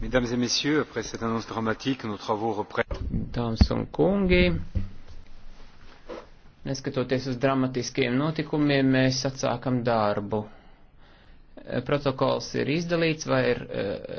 Mesdames et messieurs, après cette annonce dramatique, nos travaux reprennent. Dāmas un kungi, neskatoties uz dramatiskiem notikumiem, mēs atsākam darbu. Protokols ir izdalīts vai ir eh,